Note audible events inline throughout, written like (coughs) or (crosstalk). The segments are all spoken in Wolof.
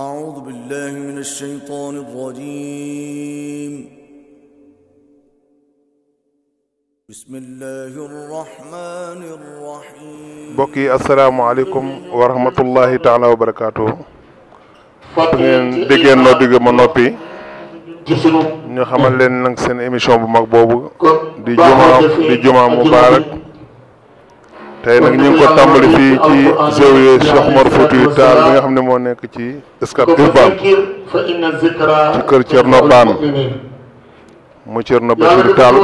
أعوذ بالله من الشيطان الرجيم بسم الله الرحمن الرحيم بكي السلام عليكم ورحمة الله تعالى وبركاته فاتنين ديجين نو ديجي منوبي نيو خمال لين نانك سين ايميشون بمك بوبو دي جمعة دي جمعة مبارك tay nak ñu ko tambali fi ci zawiya cheikh omar fouti tal bi nga xamne mo nek ci escap urban ci kër ci keur ban mu cerno bashir tal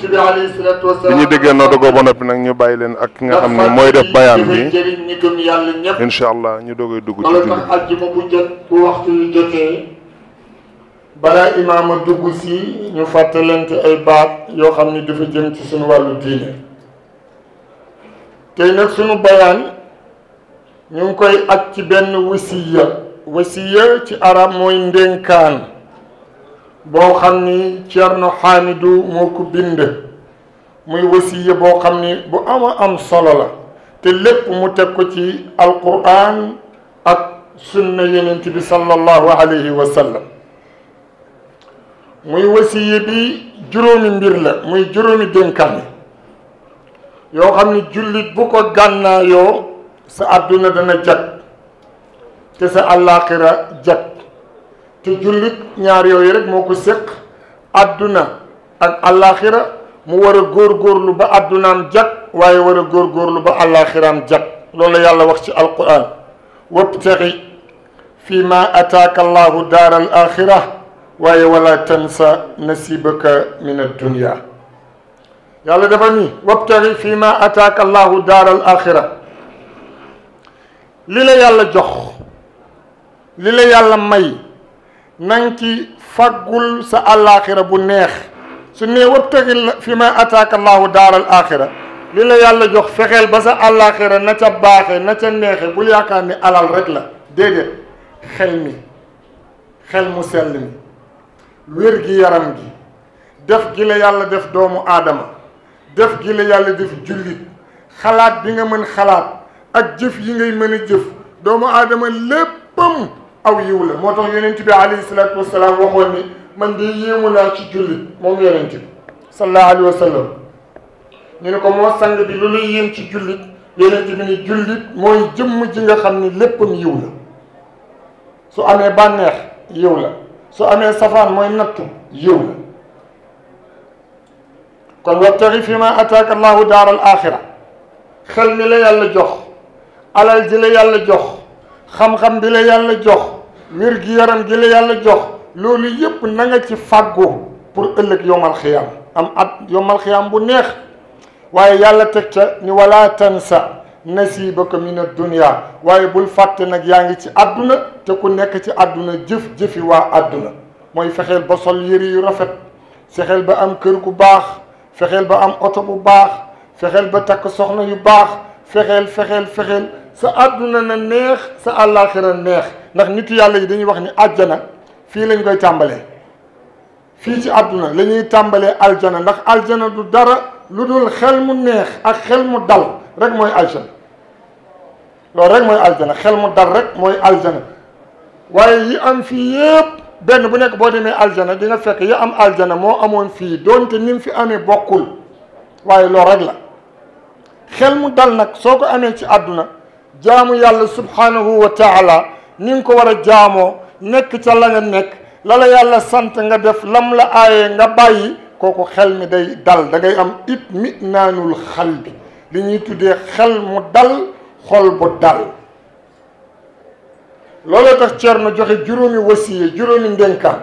bi ñu déggé no dogo ba nopi nak ñu bayyi ak nga xamne moy def bayan bi inshallah ñu dogo dugg ci ci bala imam dugg ci ñu fatalante ay baat yo xamne dafa jëm ci sunu walu diine tey nag sunu bayaan ñu ngi koy ak ci benn wasiya wasiya ci arab mooy ndénkaan boo xam ni Thierno Hamidou moo ko bind muy wasiya boo xam ni bu ama am solo la te lépp mu teg ko ci alquran ak sunna yenent bi sallallahu alayhi wa sallam muy wasiya bi juróomi mbir la muy juróomi dénkaan yoo xam ne jullit bu ko gànnaayoo sa àdduna dana jag te sa àllaaxira jag te jullit ñaar yooyu rek moo ko séq àdduna ak àllaaxira mu war a góorgóorlu ba àddunaam jag waaye war a góorgóorlu ba àllaaxiraam jag loolu la yàlla wax ci alquran wabtaxi fi ma ataaka allahu daar al waaye wala tansa nasibaka min ad يلا دفني وابتغي فيما اتاك الله دار الاخره للا يالا جخ للا يالا مي نانكي فغول سا الاخره بو نيه سني وابتغي فيما اتاك الله دار الاخره للا يالا جخ فخيل با سا الاخره نتا باخ نتا نيه بو ياكاني علال رك لا ديدي خلمي خل مسلم ويرغي يرامغي def gi la yalla def doomu adama def gi la yàlla def julit xalaat bi nga mën xalaat ak jëf yi ngay mën a jëf doomu adama léppam aw yiw la moo tax bi alayhi salatu wassalam waxoon ni man de yemu naa ci julit mom yonent bi sallallahu alayhi wasallam sallam ñu ko mo sang bi lu la yéem ci julit yonent bi ni julit moy jëm ji nga xamni léppam yiw la su amé banex yiw la su amé safan moy nattu yiw la قال وابتغ فيما اتاك الله دار الاخره خلني لا يالا جوخ على الجل يالا جوخ خم خم بلا يالا جوخ ويرك يرم جل يالا جوخ لولي ييب نغا سي فاغو بور اولك يوم الخيام ام اد يوم الخيام بو نيه واي يالا تك ني ولا تنسى نصيبك من الدنيا واي بول فات نك ياغي سي ادنا تكو نيك سي ادنا جيف جيفي وا ادنا موي فخيل با سول يري يو رافت سي خيل با ام كيركو باخ fexeel ba am oto bu baax fexeel ba takk soxna yu baax fexeel fexeel fexeel sa àdduna na neex sa àllaaxira neex ndax nitu yàlla yi dañuy wax ni àjjana fii lañ koy tàmbalee fii ci àdduna la ñuy tàmbalee aljana ndax aljana du dara lu dul xel mu neex ak xel mu dal rek mooy aljana loolu rek mooy aljana xel mu dal rek mooy aljana waaye yi am fii yépp benn bu nekk boo demee aljana di nga fekk ya am aljana moo amoon fii doonte ni fi amee bokkul waaye loolu rek la xel mu dal nag soo ko amee ci àdduna jaamu yàlla subhanahu wa taala ni nga ko war a jaamoo nekk ca la nga nekk la la yàlla sant nga def lam la aayee nga bàyyi kooku xel mi day dal da am it mi xal bi li ñuy tuddee xel mu dal xol bu dal looloo tax cierno joxe juróomi wasiye juróomi ndenka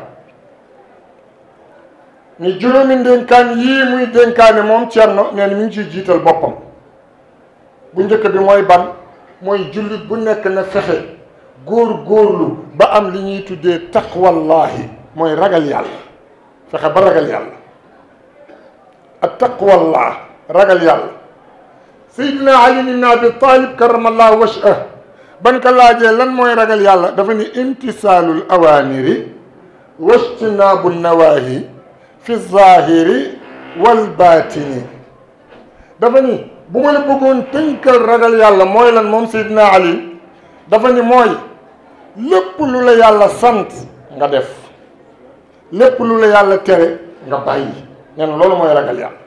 ni juróomi ndenka yi muy dénkaane ne mom cierno ne mi ngi jital bopam bu njëkk bi moy ban moy jullit bu nekk na fexe gor gorlu ba am li ñuy tuddee taqwallahi moy ragal yàlla fexe ba ragal yàlla ak taqwallah ragal yàlla سيدنا علي بن ابي طالب كرم الله وجهه ban ko lan mooy ragal yàlla dafa ni imtisaalul awaamiri wajtinaabu nawaahi fi zaahiri wal baatini dafa ni bu ma la bëggoon tënkal ragal yàlla mooy lan moom Seydina Ali dafa ni mooy lépp lu la yàlla sant nga def lépp lu la yàlla tere nga bàyyi nee na loolu mooy ragal yàlla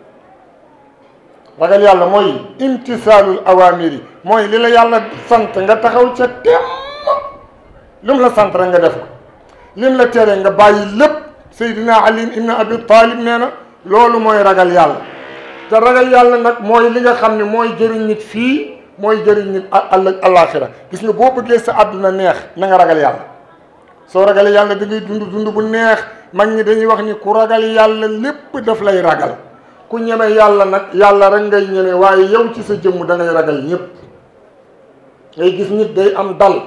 ragal yàlla mooy imtisaalul awaamiri mooy li la yàlla sant nga taxaw ca temm li mu la sant rek nga def ko lim la tere nga bàyyi lépp Seydina Ali ibn Abi Talib nee na loolu mooy ragal yàlla te ragal yàlla nag mooy li nga xam ne mooy jëriñ nit fii mooy jëriñ nit àll àllaaxira gis nga boo bëggee sa àdduna neex na nga ragal yàlla soo ragalee yàlla da dund dund bu neex mag ñi dañuy wax ni ku ragal yàlla lépp daf lay ragal ku ñeme yàlla nag yàlla rek ngay ñeme waaye yow ci sa jëmm dangay ragal ñëpp ngay gis nit day am dal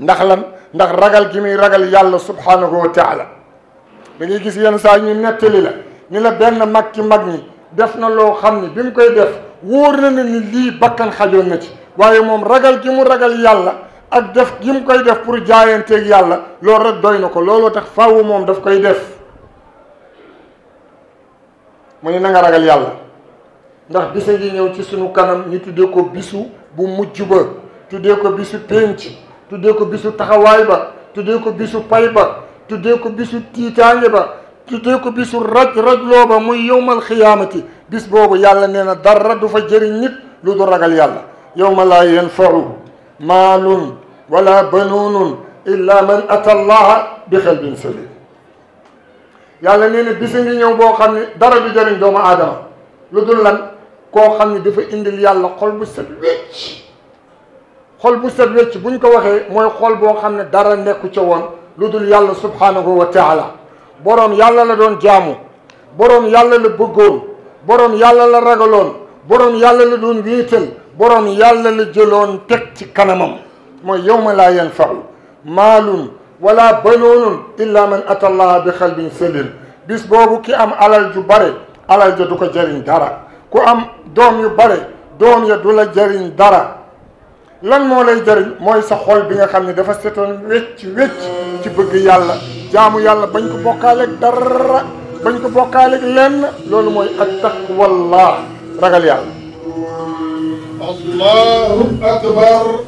ndax lan ndax ragal gi muy ragal yàlla subhanahu wa taala da gis yenn saa ñu nettali la ni la benn mag ci mag ñi def na loo xam ni bi mu koy def wóor na ne ni lii bakkan xajoon na ci waaye moom ragal gi mu ragal yàlla ak def gi mu koy def pour jaayanteeg yàlla loolu rek doy na ko looloo tax faawu moom daf koy def mu ne na nga ragal yàlla ndax bisa ngi ñëw ci sunu kanam ñu tuddé ko bisu bu mujju ba tuddé ko bisu pénc tuddé ko bisu taxaway ba tuddé ko bisu pay ba tuddé ko bisu tiitaange ba tuddé ko bisu raj raj lo ba muy yowmal khiyamati bis bobu yàlla neena dara du fa jëri nit lu du ragal yàlla yowma la yanfau malun ولا بنون الا من اتى الله bi سليم yàlla nee na bisi ngi ñëw boo xam ne dara du jëriñ doomu aadama lu dul lan koo xam ne dafa indil yàlla xol bu set wécc xol bu set wécc buñ ko waxee mooy xol boo xam ne dara nekku ca woon lu dul yàlla subhaanahu wa taala boroom yàlla la doon jaamu boroom yàlla la bëggoon boroom yàlla la ragaloon boroom yàlla la doon wéetal boroom yàlla la jëloon teg ci kanamam mooy yawma laa yanfau maalun wala banuunun illa man ata allah bi xalbin selil bis boobu ki am alal ju bare alal ja du ko jëriñ dara ku am doom yu bare doom ya du la jëriñ dara lan moo lay jëriñ mooy sa xol bi nga xam ne dafa setoon wécc wécc ci bëgg yàlla jaamu yàlla bañ ko bokkaaleeg dara bañ ko bokkaaleeg lenn loolu mooy ak taqwallah ragal yàlla allahu akbar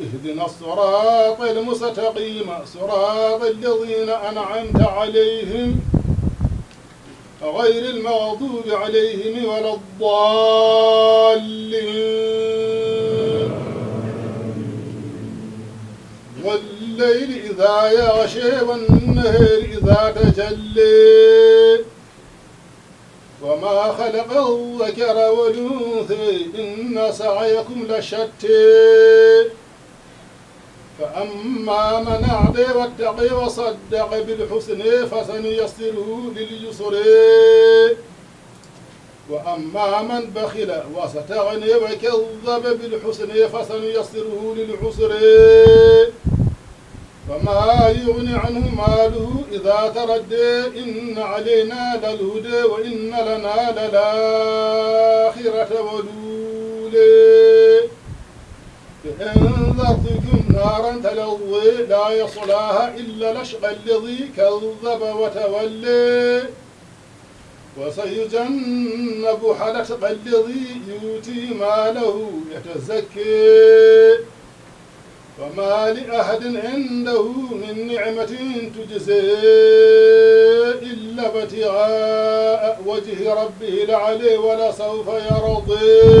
اهدنا الصراط المستقيم صراط الذين أنعمت عليهم غير المغضوب عليهم ولا الضالين والليل إذا يغشى والنهر إذا تجلي وما خلق الذكر والأنثى إن سعيكم لشتى فأما من أعطي واتقي وصدق بالحسن فسنيسره لليسر وأما من بخل وستغني وكذب بالحسن فسنيسره للعسر فما يغني عنه ماله إذا تردى إن علينا للهدى وإن لنا للآخرة ولولي فإن نارا تلظي لا يصلاها إلا لشق الذي كذب وتولي وسيجنب الأشقى الذي يؤتي ماله يتزكي وما لأحد عنده من نعمة تجزي إلا ابتغاء وجه ربه لعلي ولا سوف يرضي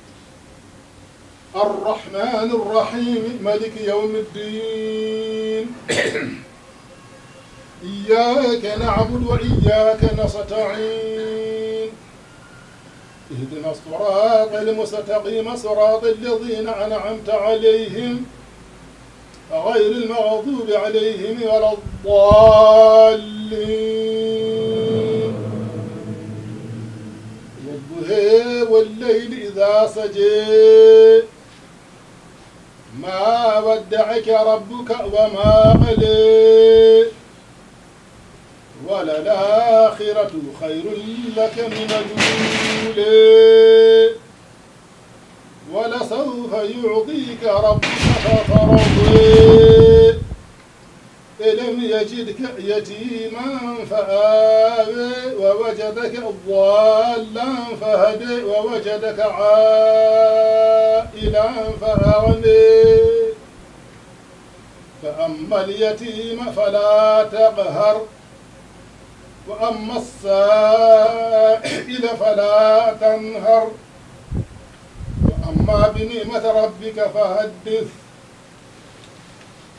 الرحمن الرحيم ملك يوم الدين (coughs) إياك نعبد وإياك نستعين اهدنا الصراط المستقيم صراط الذين أنعمت عليهم غير المغضوب عليهم ولا الضالين والضحى والليل إذا سجي ما ودعك ربك وما قلي وللآخرة خير لك من الأولى ولسوف يعطيك ربك فترضي لم يجدك يتيما فآوي ووجدك ضالا فهدي ووجدك عائلا فأغني فأما اليتيم فلا تقهر وأما السائل فلا تنهر وأما بنعمة ربك فحدث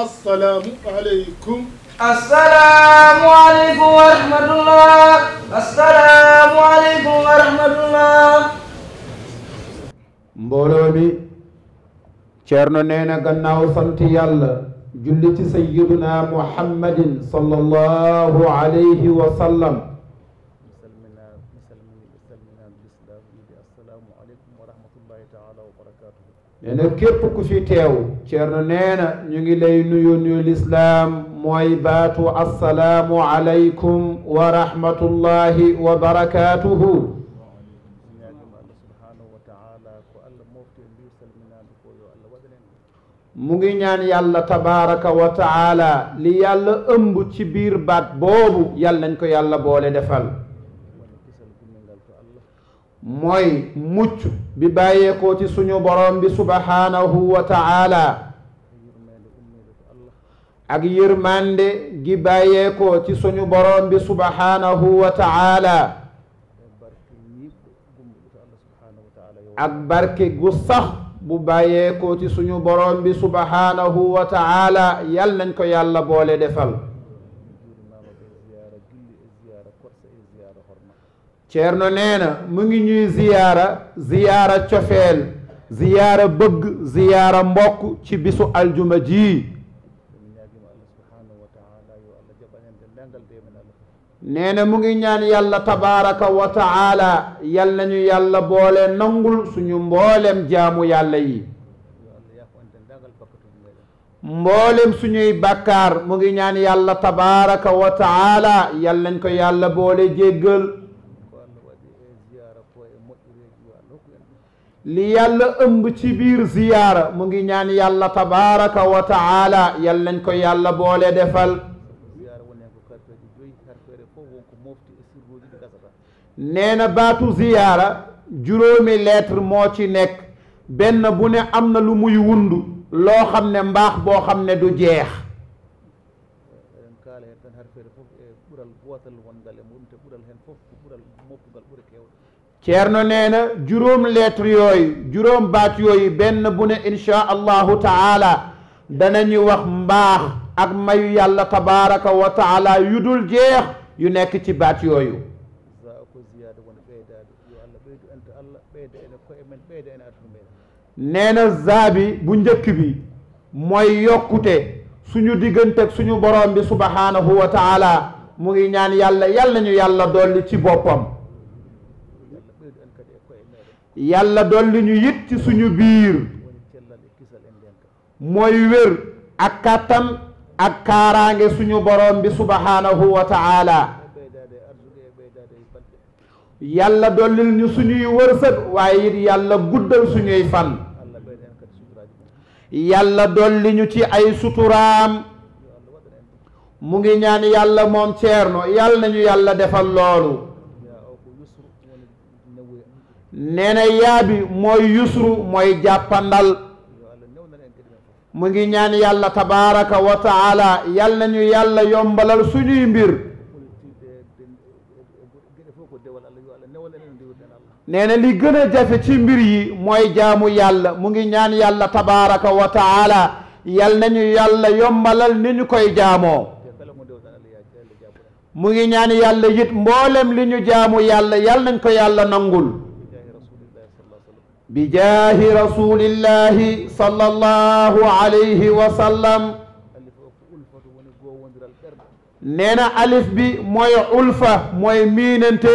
السلام عليكم السلام عليكم ورحمة الله السلام عليكم ورحمة الله مبرومي شرنا نينا قناو سنتي الله جلت سيدنا محمد صلى الله عليه وسلم nee képp ku fi teew Ceerno nee na ñu ngi lay nuyu nuyu lislaam mooy baatu assalaamu alaykum wa rahmatullahi wa barakaatuhu mu ngi ñaan yàlla tabaaraka wa taala li yàlla ëmb ci biir baat boobu yàlla nañ ko yàlla boole defal mooy mucc bi bàyyeekoo ci suñu borom bi subhaanahu wa ta'ala ak yërmande gi bàyyeekoo ci suñu borom bi subhaanahu wa ta'ala ak barke gu sax bu bàyyeekoo ci suñu borom bi subhaanahu wa ta'ala yal nañ ko yàlla boole defal ceerno nee na mu ngi ñuy ziyaara ziyaara cofeel ziyaara bëgg ziyaara mbokk ci bisu aljuma ji nee na mu ngi ñaan yàlla tabaaraka wa taala yal nañu yàlla boole nangul suñu mboolem jaamu yàlla yi mboolem suñuy bàkkaar mu ngi ñaan yàlla tabaaraka wa taala yal nañ ko yàlla boole jéggal li yàlla ëmb ci biir ziyaara mu ngi ñaan yàlla tabaraka wa taala yal nañ ko yàlla boole defal nee na baatu ziyaara juróomi lettre moo ci nekk benn bu ne am na lu muy wund loo xam ne mbaax boo xam ne du jeex na nee na juróom lettre yooyu juróom baat yooyu benn bu ne insha allahu dana danañu wax mbaax ak mayu yàlla tabaraka wa taala yu dul jeex yu nekk ci baat yooyu nee na zaabi bu njëkk bi mooy yokkute suñu diggante ak suñu borom bi subhanahu wa taala mu ngi ñaan yàlla yàlla nañu yàlla dolli ci boppam yàlla dolli ñu it ci suñu biir mooy wér ak kàttan ak kaaraange suñu borom bi subhanahu wa taala yàlla dollil ñu suñuy wërsëg waaye it yàlla guddal suñuy fan yàlla dolli ñu ci ay suturaam mu ngi ñaan yàlla moom ceerno yàlla nañu yàlla defal loolu nee na yaa bi mooy yusru mooy jàppandal mu ngi ñaan yàlla tabaaraka wa taala yal nañu yàlla yombalal suñuy mbir nee na li gën a jafe ci mbir yi mooy jaamu yàlla mu ngi ñaan yàlla tabaaraka wa taala yal nañu yàlla yombalal ni ñu koy jaamoo mu ngi ñaan yàlla yit mboolem li ñu jaamu yàlla yal nañ ko yàlla nangul bijaahi rasulillahi sallallahu alayhi wa alif bi mooy ulfa mooy miinante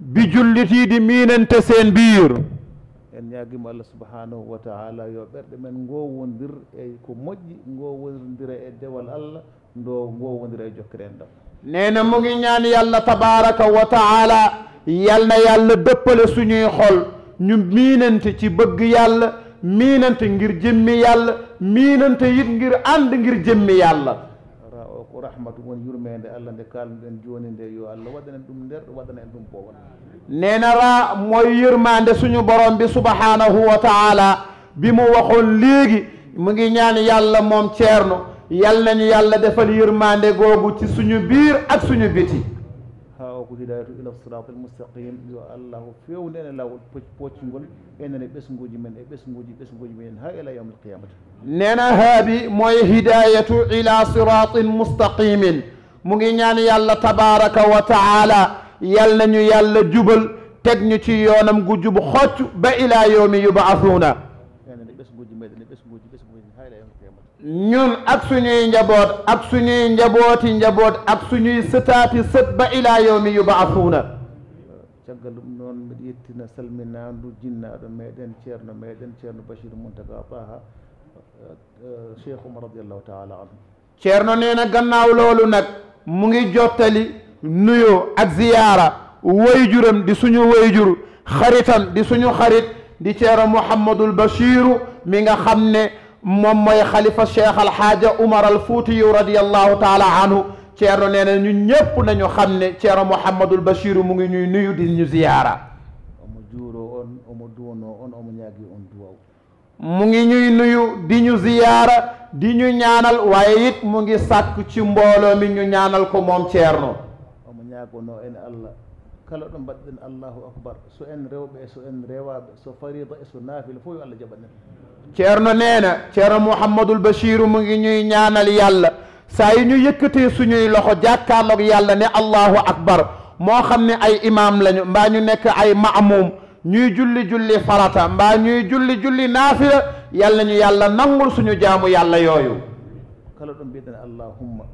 bi jullit yi di miinante seen biir en ñaagima allah subhanahu wa taala yo ɓerɗe men xol ñu miinante ci bëgg yàlla miinante ngir jëmmi yàlla miinante it ngir ànd ngir jëmmi yàlla ko rahmatu won yurmede allah nde kalnuɗen joni nde yo allah waɗana en ɗum nder waɗana e en moy yurmande suñu borom bi subhanahu wa bi mo waxoon léegi mu ngi ñaan yàlla moom ceerno yal nañu yàlla defal yurmande googu ci suñu biir ak suñu biti ko hidayatu ila sirat almustaqim yo allahu fewnu en e lawol poccingol enen e ɓesguji men e ɓesguji ɓesguji men ha ila yawm alqiyamata nena haabi moye hidayatu ila siratin mustaqimin mu ngi ñaan yàlla tabaraka wa taala yal nañu yàlla jubal teg ñu ci yoonam gu jub xocc ba ila yawmi yubaasuuna enen e ɓesguji meɗen e ɓesguji ɓesguji ha ila yawm ñun ak suñuy njaboot ak suñuy njabooti njaboot ak suñuy sëtaati sët ba ilaa yawmi yubaasuuna caggalum noon mbiɗa yettina salminaandu jinnaɗo meɗen ceerno meɗen ceerno bachir muntaga taha eh, cheikh umar radiallahu taala anhu ceerno nee na gannaaw loolu nag mu ngi jottali nuyoo ak ziyaara wayjuram di suñu wayjur xaritam di suñu xarit di ceerno mouhamadul bachiru mi nga xam ne mom moy khalifa cheikh al alxaaja umar al futi radiyallahu taala anhu cierno nee ñun ñépp nañu xamne cierno ceerno bashir mu ngi ñuy nuyu di ñu ziyara omo juro on omo duono on omo ñagi on duaw mu ngi ñuy nuyu di ñu ziyara di ñu ñaanal waye it mu ngi sak ci mbolo mi ñu ñaanal ko mom cierno ceerno omo no en allah kala do mbaɗɗen allahu akbar su en rewbe su en rewabe su farida su nafil fu fof yo allah jaɓanen Ceerno nee na Ceerno Mouhamadul Bachiru mu ngi ñuy ñaanal yàlla saa yi ñu yëkkatee suñuy loxo jàkkaarloog yàlla ne allahu akbar moo xam ne ay imaam lañu mbaa ñu nekk ay maamum ñuy julli julli farata mbaa ñuy julli julli naafila yàlla ñu yàlla nangul suñu jaamu yàlla yooyu kala ɗum mbiɗen allahumma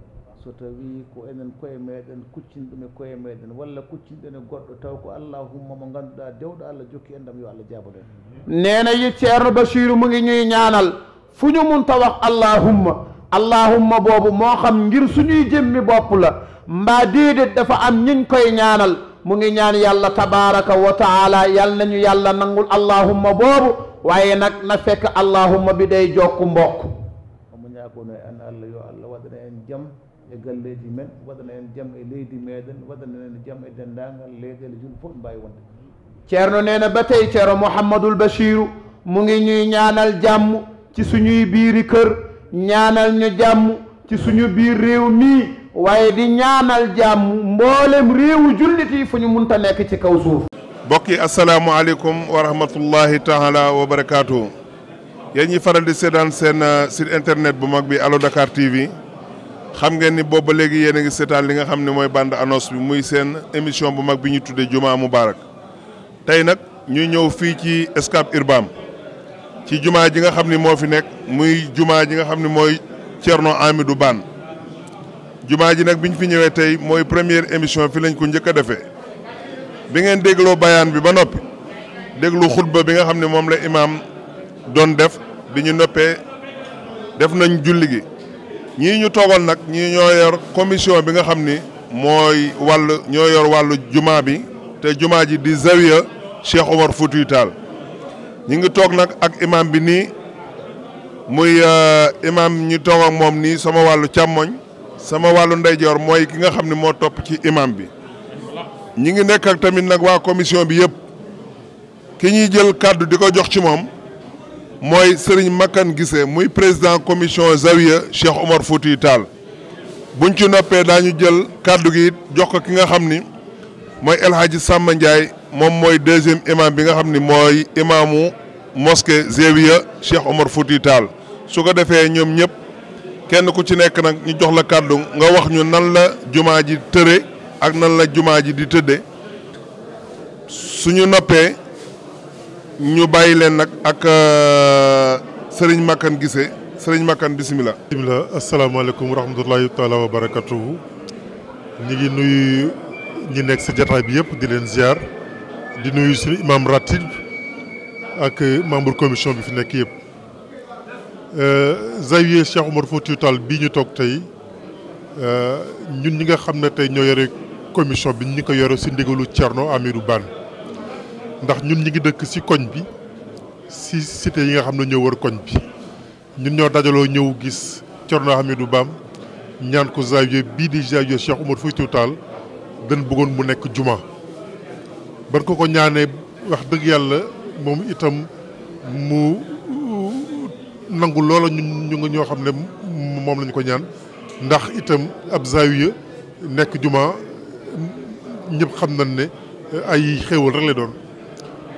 so tawi ko enen koye meɗen kuccinɗum e koye meɗen walla kuccinɗen e goɗɗo taw ko allahumma mo ganduɗa dewɗo allah jokki en ɗam yo allah jaboɗen nena yi ceerno bachiru mu ngi ñuy ñaanal fu ñu mun ta wax allahumma allahumma boobu moo xam ngir suñuy jëmmi bopp la mbaa déedéet dafa am ñiñ koy ñaanal mu ngi ñaan yàlla tabaraka wa taala yal nañu yàlla nangul allahumma boobu waaye nag na fekk allahumma bi day jokku mbokk amuñaa ko ne leggal leydi men waɗana en jaam e leydi meɗen waɗana en jaam e dendagal leyɗele julɓe fof ne mbawi wonde ceerno nee na ba tey ceerno mouhamadoul bachiru mu ngi ñuy ñaanal jàmm ci suñuy biir i kër ñaanal ñu jàmm ci suñu biir réew mii waaye di ñaanal jàmm mboolem réew jullit yi fu ñu munta nekk ci kaw suuf mbokk yi asalaamualeykum wa rahmatullahi taala wa barakaatu ñi faral di seetaan seen euh, si internet bu mag bi Allo Dakar TV xam ngeen ni boobu ba léegi yéen a ngi seetaan li nga xam ne mooy band annonce bi muy seen émission bu mag bi ñu tuddee Jumaa Mubarak tey nag ñuy ñëw fii ci Scat Urbam ci jumaa ji nga xam ni moo fi nekk muy jumaa ji nga xam ne mooy Thierno Hamidou baan jumaa ji nag bi ñu fi ñëwee tey mooy première émission fi lañ ko njëkk a defee bi ngeen dégloo bayaan bi ba noppi déglu xutba bi nga xam ne moom la imaam doon def bi ñu noppee def nañ julli gi. ñi ñu toogoon nag ñi ñoo yor commission bi nga xam ni mooy wàll ñoo yor wàllu jumaa bi te jumaa ji di zawiya Cheikh Omar Foutiyou ñi ngi toog nag ak imam bi nii muy euh, imam ñu toog moom nii sama wàllu càmmoñ sama wàllu ndeyjoor mooy ki nga xam ni moo topp ci imam bi ñi ngi nekk tamit nag waa commission bi yëpp ki ñuy jël kàddu di ko jox ci moom mooy Serigne Makan Guissé muy président commission Zawiya Cheikh Omar Fouti taal buñ ci noppee daañu jël kàddu gi jox ko ki nga xam ni mooy El Hadji Samba Ndiaye moom mooy deuxième imam bi nga xam ni mooy imaamu mosquée Zawiya Cheikh Omar Fouti taal su ko defee ñoom ñëpp kenn ku ci nekk nag ñu jox la kàddu nga wax ñu nan la jumaa ji tëre ak nan la jumaa ji di tëdde suñu noppee ñu bàyyi leen nag ak euh, sëriñ Makan Gise sëriñ Makan bisimilah. bisimilah asalaamaaleykum wa rahmatulahi taala wa barakatuhu ñi ngi nuyu ñi nekk si jataay bi yëpp di leen ziar di nuyu si imam ratib ak membre commission bi fi nekk yëpp. Zawiya euh, Cheikh Omar Foutiyou Tall bii ñu toog tey euh, ñun ñu nga xam ne tey ñoo yore commission bi ñu ko yore si ndigalu Thierno Amirou Bane. ndax ñun ñi ngi dëkk ci koñ bi ci cité yi nga xam ne ñoo wër koñ bi ñun ñoo dajaloo ñëw gis xam Thierno du baam ñaan ko zawiya bii di zawiya Cheikh Oumar Foutiyou taal dañ bëggoon mu nekk juma ban ko ko ñaanee wax dëgg yàlla moom itam mu nangu loola ñun ñu ngi ñoo xam ne moom lañu ko ñaan ndax itam ab zawiya nekk juma ñépp xam nañ ne ay xéewal rek lay doon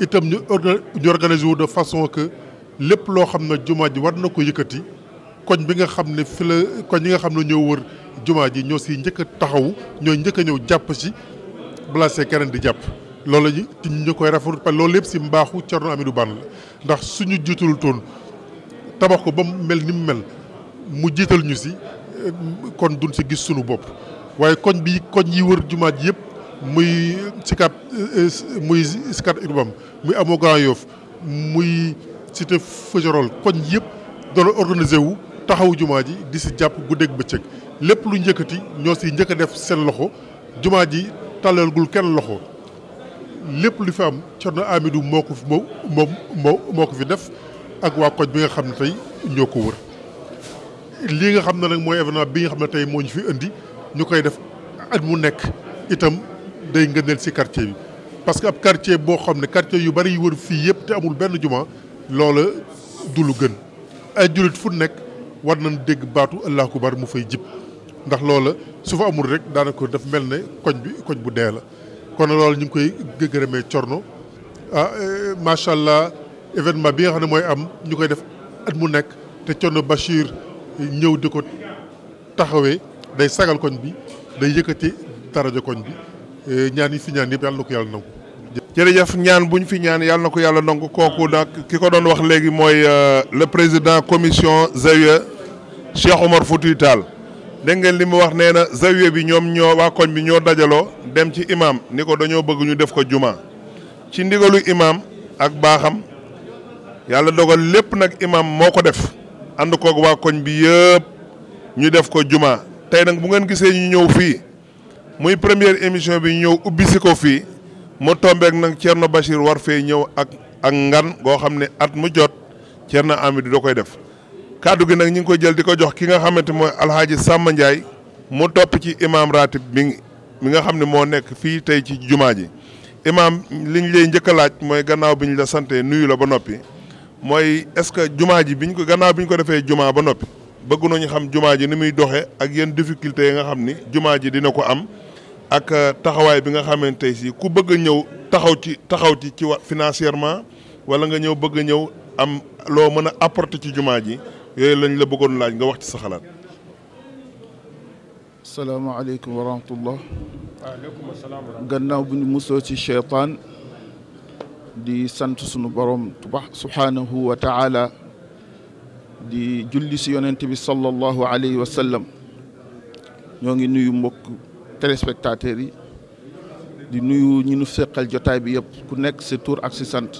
itam ñu ñu organiser wu de façon que lépp loo xam ne jumaa ji war na ko yëkkati koñ bi nga xam ne fi la koñ yi nga xam ne ñoo wër jumaa ji ñoo si njëkk a taxaw ñoo njëkk a ñëw jàpp si balaa see keneen di jàpp. loolu la ci ñu koy rafetlu parce loolu yépp si mbaaxu Thierno Hamidou Bane la ndax suñu jiitul toon tabax ko ba mu mel ni mu mel mu jiital ñu si kon duñ si gis suñu bopp waaye koñ bi koñ yi wër jumaa ji yëpp. muy Sicap muy Sicap Urbam muy amoo Grand Yoff muy cité Fajarol koñ yëpp doon organisé wu taxaw jumaa ji di si jàpp guddeeg bëccëg lépp lu njëkkati ñoo si njëkk a def seen loxo jumaa ji tàllalgul kenn loxo lépp lu fi am Cerno Amidou moo ko fi moo moo moo ko fi def ak waa koñ bi nga xam ne tey ñoo ko wër lii nga xam ne nag mooy événement bi nga xam ne tey moo ñu fi indi ñu koy def at mu nekk itam day ngëneel si quartier bi parce que ab quartier boo xam ne quartier yu bari yu wër fii yëpp te amul benn juma loola du lu gën ay jullit fu nekk war nañ dégg baatu Allahu bari mu fay jib ndax loola su fa amul rek daanaka daf mel ne koñ bi koñ bu dee la kon loolu ñu ngi koy gërëmee corno ah eh, macha allah événement bi nga xam ne mooy am ñu koy def at mu nekk te corno Bachir ñëw di ko taxawee day sagal koñ bi day yëkkati daraja koñ bi. Eh, ñaan yi fi ñaan yëpp yàlla na ko yàlla nangu. jërëjëf ñaan bu ñu fi ñaan yàlla na ko yàlla nangu kooku nag ki ko doon wax léegi mooy euh, le président commission zawiya Cheikh Omar Foutiyou Tall dégg ngeen li mu wax nee na zawiya bi ñoom ñoo waa koñ bi ñoo dajaloo dem ci imam ni ko dañoo bëgg ñu def ko juma ci ndigalu imam ak baaxam yàlla dogal lépp nag imam moo ko def ànd koog waa koñ bi yëpp ñu def ko juma tey nag bu ngeen gisee ñu ñëw fii. muy première émission bi ñëw ubbi si ko fii mu tombeek nag Thierno Bachir war fee ñëw ak ak ngan goo xam ne at mu jot Thierno Hamidou da koy def kàddu gi nag ñu ngi ko jël di ko jox ki nga xamante mooy alxaaji Samba Ndiaye mu topp ci imam ratib mi mi nga xam ne moo nekk fii ci jumaa ji imam li lay njëkk laaj mooy gannaaw bi la sante nuyu la ba noppi mooy est-ce que jumaa ji biñ ko gannaaw bi ñu ko defee jumaa ba noppi bëgg nañu xam jumaa ji ni muy doxee ak yenn difficulté nga xam ni ji dina ko am ak euh, taxawaay bi nga xamante si ku bëgg a ñëw taxaw ci taxaw ti ci wa financièrement wala nga ñëw bëgg a ñëw am loo mën a apporter ci jumaa ji yooyu lañ la bëggoon laaj nga wax ci sa xalaat. salaamaaleykum wa rahmatullah. waaleykum salaam. gannaaw bu ñu musoo ci cheytaan di sant sunu borom tubax subhaanahu wa di julli si yonent bi sallallahu alayhi wa ñoo ngi nuyu mbokk. téléspectateurs yi di nuyu ñi nu seqal jotaay bi yëpp ku nekk sa tur ak si sant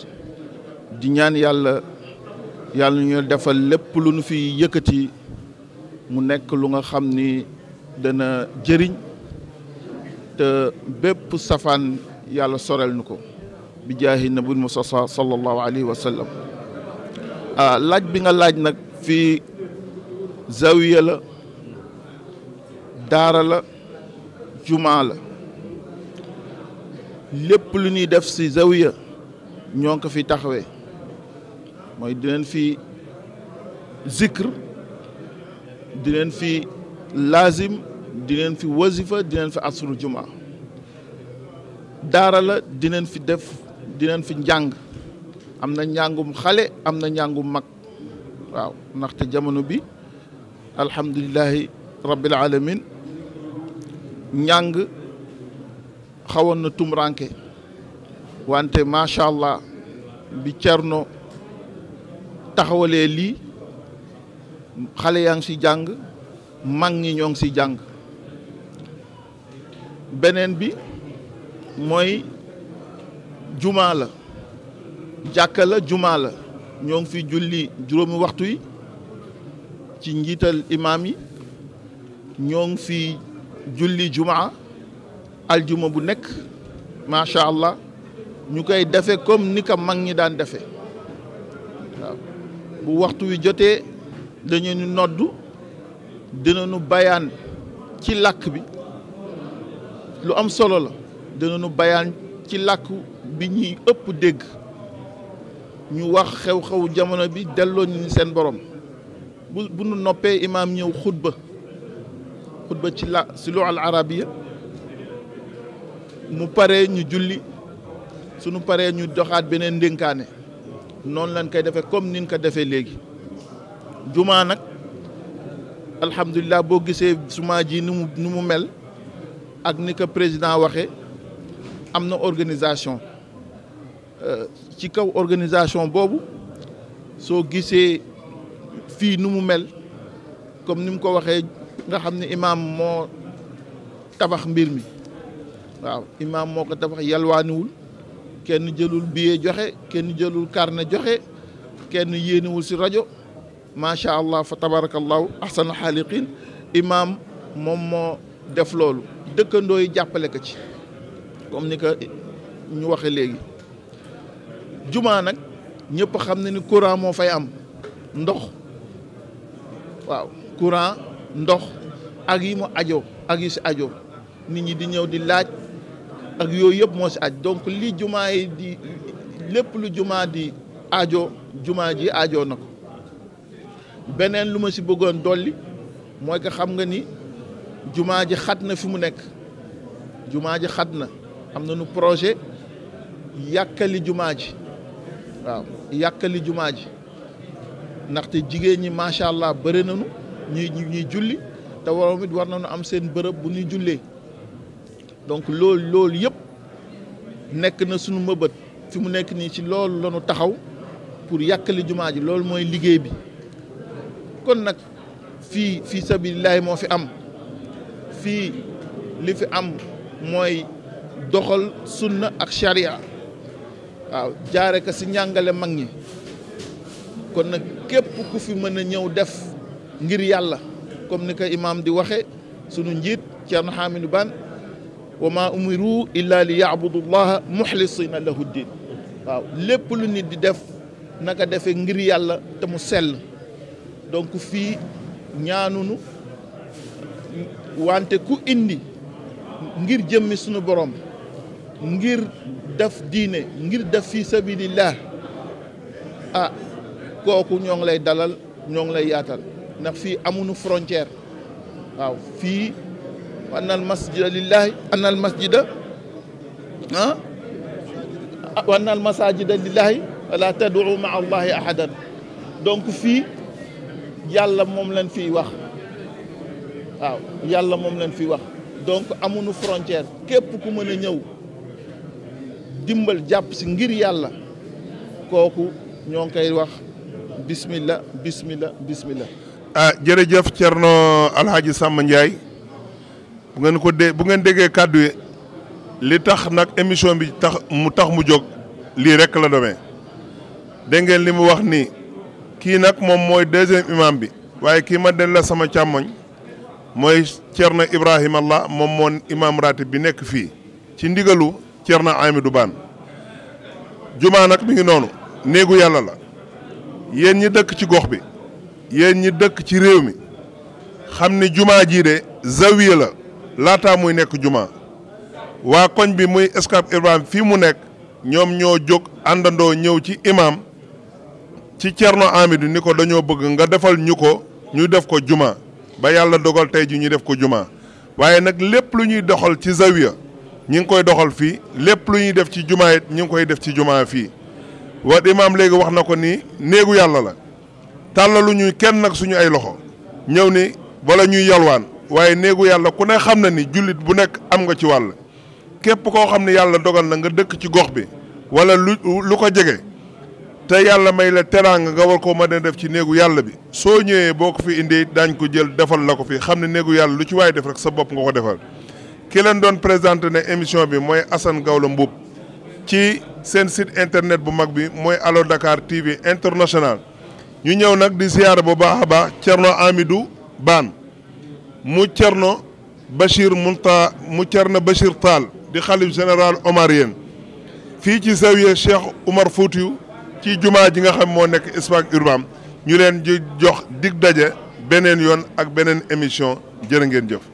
di ñaan yàlla yàlla ñu defal lépp lu nu fi yëkkati mu nekk lu nga xam ni dana jëriñ te bépp safaan yàlla sorel nu ko bi na nabil Mustafa sallallahu alayhi wa sallam ah laaj bi nga laaj nag fi zawiya la daara la jumaa la lépp lu ñuy def ci zawiya ñoo ngi ko fi taxawee mooy di leen fi zikr di leen fi lazim di leen fi wazifa di leen fi asru jumaa daara la di leen fi def di leen fi njàng am na njàngum xale am na njàngum mag waaw ndaxte jamono bi alhamdulilahi rabbil alamin Nyang, xawon na tumranke wante sha allah bi cerno taxawalee li xalé yang ci si mag ñi ñong ci si benen bi moy juma la jàkka la juma la ñong fi julli juróomi waxtu yi ci njital imam yi ñong fi julli jumaa aljuma bu nekk macha allah ñu koy defe comme ni ko mag ñi daan defe bu waxtu wi jotee dañu ñu noddu dinañu bayaan ci làkk bi lu am solo la dinañu bayaan ci làkk bi ñuy ëpp dégg ñu wax xew-xewu jamono bi delloo ñu seen borom bu bu nu noppee imaam ñëw xutba xutba ci la si lu al arabiya mu paree ñu julli sunu paree ñu doxaat beneen ndénkaane noonu lañ koy defee comme ni nin ko defee léegi jumaa nag alhamdulilah boo gisee jumaa ji nu mu ni mu mel ak ni ko président waxee am na organisation euh, ci kaw organisation boobu soo gisee fii nu mu mel comme ni mu ko waxee nga xam ne imaam moo tabax mbir mi waaw imaam moo ko tabax yalwaaniwul kenn jëlul billet joxe kenn jëlul carnet joxe kenn yéeniwul si rajo macha allah fa tabarakallahu ahsana xaaliqin imaam moom moo def loolu dëkkandoo yi jàppale ko ci comme ni ko ñu waxe léegi jumaa nag ñëpp xam na ni courant moo fay am ndox waaw courant ndox ak yi mu ajo ak yi ci ajo nit ñi di ñew di laaj ak yoy yeb mo ci adjo donc li juma yi di lepp lu juma di ajo juma ji ajo nako benen beneen lu ma bëggoon dolli moy ka xam nga ni juma ji xatna fi mu nek juma ji xatna amna nu projet yakali juma ji waaw yakali juma ji ndaxte jigéen ñi macha allah nañu ñuy ñuy julli te waroom it war nañu am seen bërëb bu ñuy jullee donc loolu loolu yëpp nekk na sunu mbëbët fi mu nekk nii ci loolu lanu taxaw pour yàkkale jumaa ji loolu mooy liggéey bi kon nag fii fii sabilillahi moo fi am fii li fi am mooy doxal sunna ak sharia waaw jaare ko ci njàngale mag ñi kon nag képp ku fi mën a ñëw def ngir yàlla comme ni ko imaam di waxe sunu njiit Ceerno Hamidou Bane wa maa umiru illa li yaabudu llaha muxlisina lahu diin waaw lépp lu nit di def naka defe ngir yàlla te mu sell donc fii ñaanunu wante ku indi ngir jëmmi sunu borom ngir def diine ngir def fi sabilillah ah kooku ñoo ngi lay dalal ñoo ngi lay yaatal ndax fii amunu frontière waaw fii annal masjida lillahi annal masjida ah wa allahi ahadan donc fii yàlla moom leen fiy wax waaw yàlla moom leen fiy wax donc amuñu frontière képp ku mën a ñëw dimbal jàpp si ngir yàlla kooku ñoo ngi koy wax bismillah bismillah bismillah ah cerno Alhaji sam Ndiaye bu ngeen ko de bu ngeen dege kàddu li tax nak emission bi tax mu tax mu jog li rek la demee de ngeen limu wax ni kii nak mom moy deuxième imam bi waye kii ma del la sama càmmoñ moy cerno ibrahim Allah momon mon imam ratib bi nek fi ci ndigalu cerno Amidou ban juma nak mi ngi noonu negu yalla la yen ñi dëkk ci gox bi yéen ñi dëkk ci réew mi xam ni jumaa jii de zawiya la laataa muy nekk jumaa waa koñ bi muy Scat Urbam fii mu nekk ñoom ñoo jóg àndandoo ñëw ci imam ci Thierno Hamidou ni ko dañoo bëgg nga defal ñu ko ñu def ko jumaa ba yàlla dogal tey ji ñu def ko jumaa waaye nag lépp lu ñuy doxal ci zawiya ñi ngi koy doxal fii lépp lu ñuy def ci jumaa it ñi koy def ci jumaa fii wa imaam léegi wax na ko nii néegu yàlla la tàllalu ñuy kenn nag suñu ay loxo ñëw ni wala ñuy yalwaan waaye néegu yàlla ku ne xam na ni jullit bu nekk am nga ci wàll képp koo xam ne yàlla dogal na nga dëkk ci gox bi wala lu lu ko jege te yàlla may la teraanga nga war koo mën a def ci néegu yàlla bi soo ñëwee boo ko fi indee daañ ko jël defal la ko fi xam ne néegu yàlla lu ci waay def rek sa bopp nga ko defal ki leen doon présenté ne émission bi mooy Assane Gawlo Mboup ci seen site internet bu mag bi mooy Allo Dakar TV international ñu ñëw nag di siyaare bu baax a baax Thierno Amidou Baan mu Thierno Bachir Munta mu Thierno Bachir Tall di xalif général omarien fii ci zawiya Cheikh Oumar Foutiyou ci jumaa ji nga xam moo nekk Espace Urbam ñu leen di jox dig daje beneen yoon ak beneen émission jërë ngeen jëf